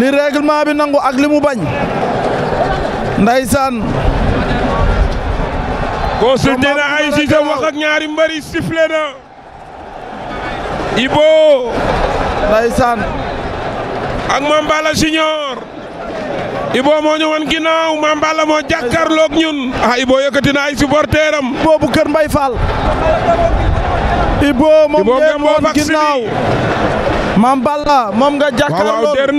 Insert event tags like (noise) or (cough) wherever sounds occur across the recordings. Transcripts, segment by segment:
li règlement bi nangu ak li mu bañ ndaysaan consulté na ay siisam wax ñaari mbëri sifflé na Ibo ndaysaan ak Mame Balla Junior Ibo moo ñëwoon ginnaaw Mame Balla moo jàkkaarloog ñun ah Ibo yëkkati ay supporteram Ibo bu Kër Mbay moom ngeen woon ginnaaw Mame Balla moom nga jàkkaarloog waaw der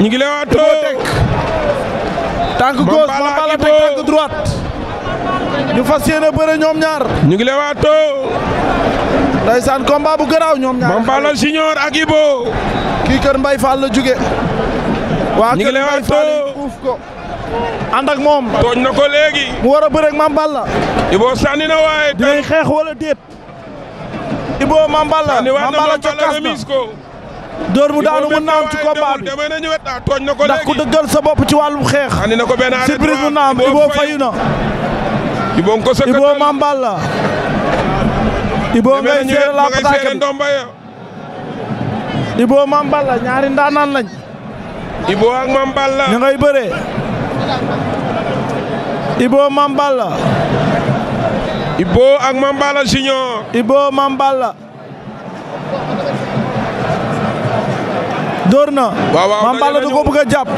ñu ngi leewaatoo tànk gauche Mame Balla teg droite ñu fas yéene bëre ñoom ñaar. ñu ngi leewaatoo. ndaysaan combat bu garaaw ñoom ñaar. Mame Balla ak Ibo. kii kër Mbaye Fall la jóge. waa kër Mbaye Fall uuf ko. ànd ak moom. tooñ na ko léegi. mu war a bëre ak Mame sànni na waaye. dinañ xeex wala déet. Ibo Mame Balla. Mame Balla ca kas dóor mu daanu mën naa am ci combat bi ndax ku dëggal sa bopp ci wàllum xeex. surprise mu naam Ibou fayu na. Ibou mambal la. Ibou ngay seere la pataake bi. Ibou mambal la ñaari ndaanaan lañ. Ibou ak mambal la ña ngay bëree. Ibou ak mambal la junior. Ibou mambal la. dóor na Mame Balla da ko bëgg jàpp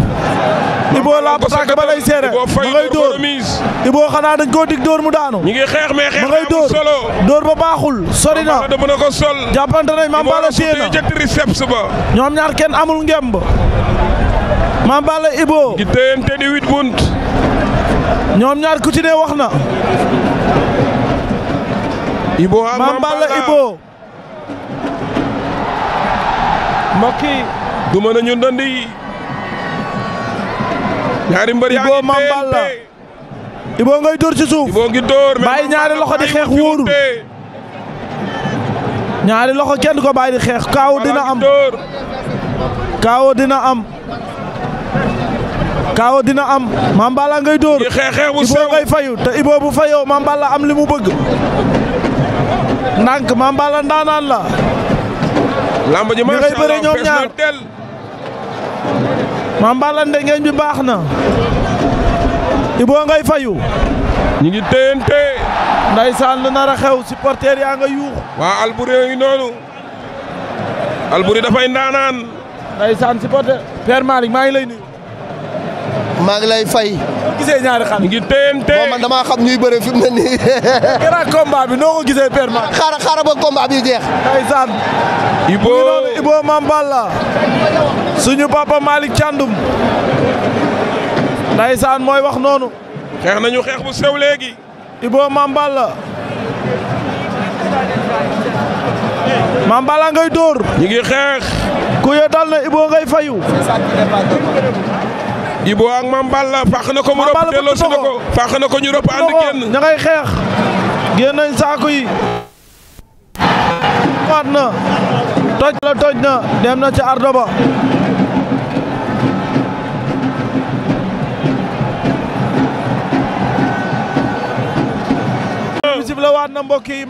Ibou la patak ba lay seere ma ngay dóor Ibou xanaa dañ koo dig dóor mu daanu xeex mais xeex ma ngay dóor dóor ba baaxul sori na jàppante nañ Mame Balla téye ñoom ñaar kenn amul ngemb Mame Balla Ibou wax na Ibou duma a ñu ndandi ñaari mbër yaa ngi Ibou ngay dóor ci suuf Ibou ngi dóor bàyyi ñaari loxo di xeex wóorul ñaari loxo kenn ko bàyyi di xeex kaaw dina am kaaw dina am kaaw dina am Mame Balla ngay dóor Ibou ngay fayu te Ibou bu fayoo Mame Balla am li mu bëgg ndànk Mame Balla ndaanaan la lamb ji macha allah bëre ñoom ñaar Mame Balla ndengeeñ bi baax na. Ibou ngay fayu. ñu ngi téyante. ndaysaan lu nar a xew supporter yaa nga yuux. waa Alboury a ngi noonu. Alboury dafay ndaanaan. saan si Père Malick maa ngi lay nuyu. maa ngi lay fay. gisee ñaari xale. ngi TNT bon (laughs) ko gisee père jeex. ndeysaan. Ibo mooy wax noonu. xeex nañu xeex bu sew léegi. Ibo Mamballa. Mamballa ngay dóor. ñu ngi xeex. ku ye dal na Ibo ngay fayu. Ibo ak Mame Balla fàq na ko mu rëpp delloo si na ko fàq na ko ñu rëpp ànd kenn ña ngay xeex génn nañ saako yi waat na tooj la toj na dem na ci ardo ba bisib na mbokk yi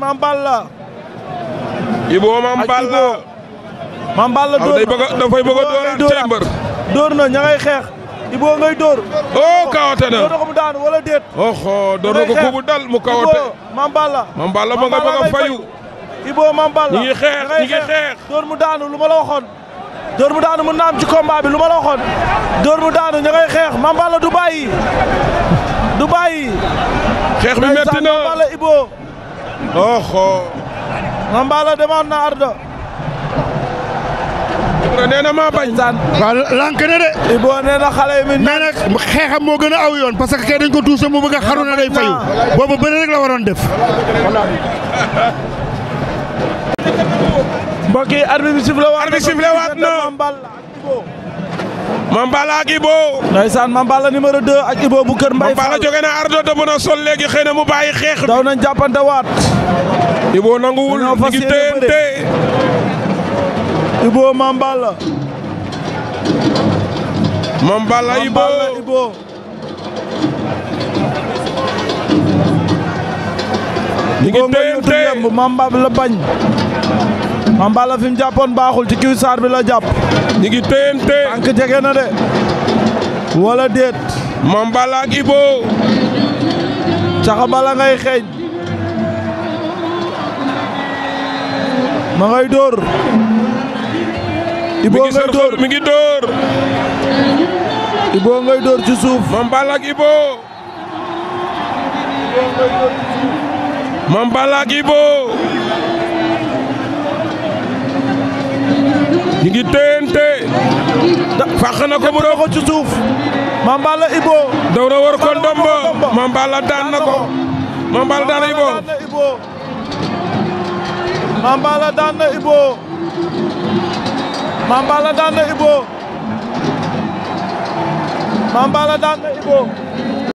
Mame Ibou ngay dóor. oh kawate na dóor na ko daanu wala déet. oh dóor na ko kubu dal mu kawate. Ibou Mamballa. ba nga ba fayu. Ibou Mamballa. ñi ngi xeex ñi ngi xeex. dóor mu daanu lu ma la waxoon. dóor mu daanu lu ma la waxoon. dóor ña ngay xeex Mamballa du bàyyi. du bàyyi. xeex bi metti na Mamballa Ibou. oh Mamballa demoon na Ardo. Ibra nee na de. Ibra nee na xale yi muy. nee na xeexam moo gën a aw yoon parce que kay dañ ko tuuse mu bëgg a xaru na day fayu boobu bëri rek la waroon def. mbokk yi arbitre waat na Mamballa ak Ibo. ndeysaan Mamballa numéro ak Ibo bu Kër Mbaye. Mamballa jóge na ardo dëbb na sol léegi xëy na mu bàyyi xeex. daw nañ jàppante waat. Ibo nanguwul ñu ngi téyante. Ibo Mame Balla Mame Balla Ibo Mame Balla Ibo ñu ngi téyante yëpp bañ Mame Balla fi mu jàppoon baaxul ci kiw bi la jàpp ñu ngi téyante tànk jege na de wala déet Mame Balla ak Ibo caxa bala ngay xeeñ ma ngay dóor Ibou ngay door mi ngi door. Ibou ngay door ci suuf. Mame Balla ak Ibou. Mame Balla ko mu doon ko ci suuf. war ko ndombo Mame Balla ko. Mame Balla daan Mame baala daan na Ibo Mame Balla daan na Ibo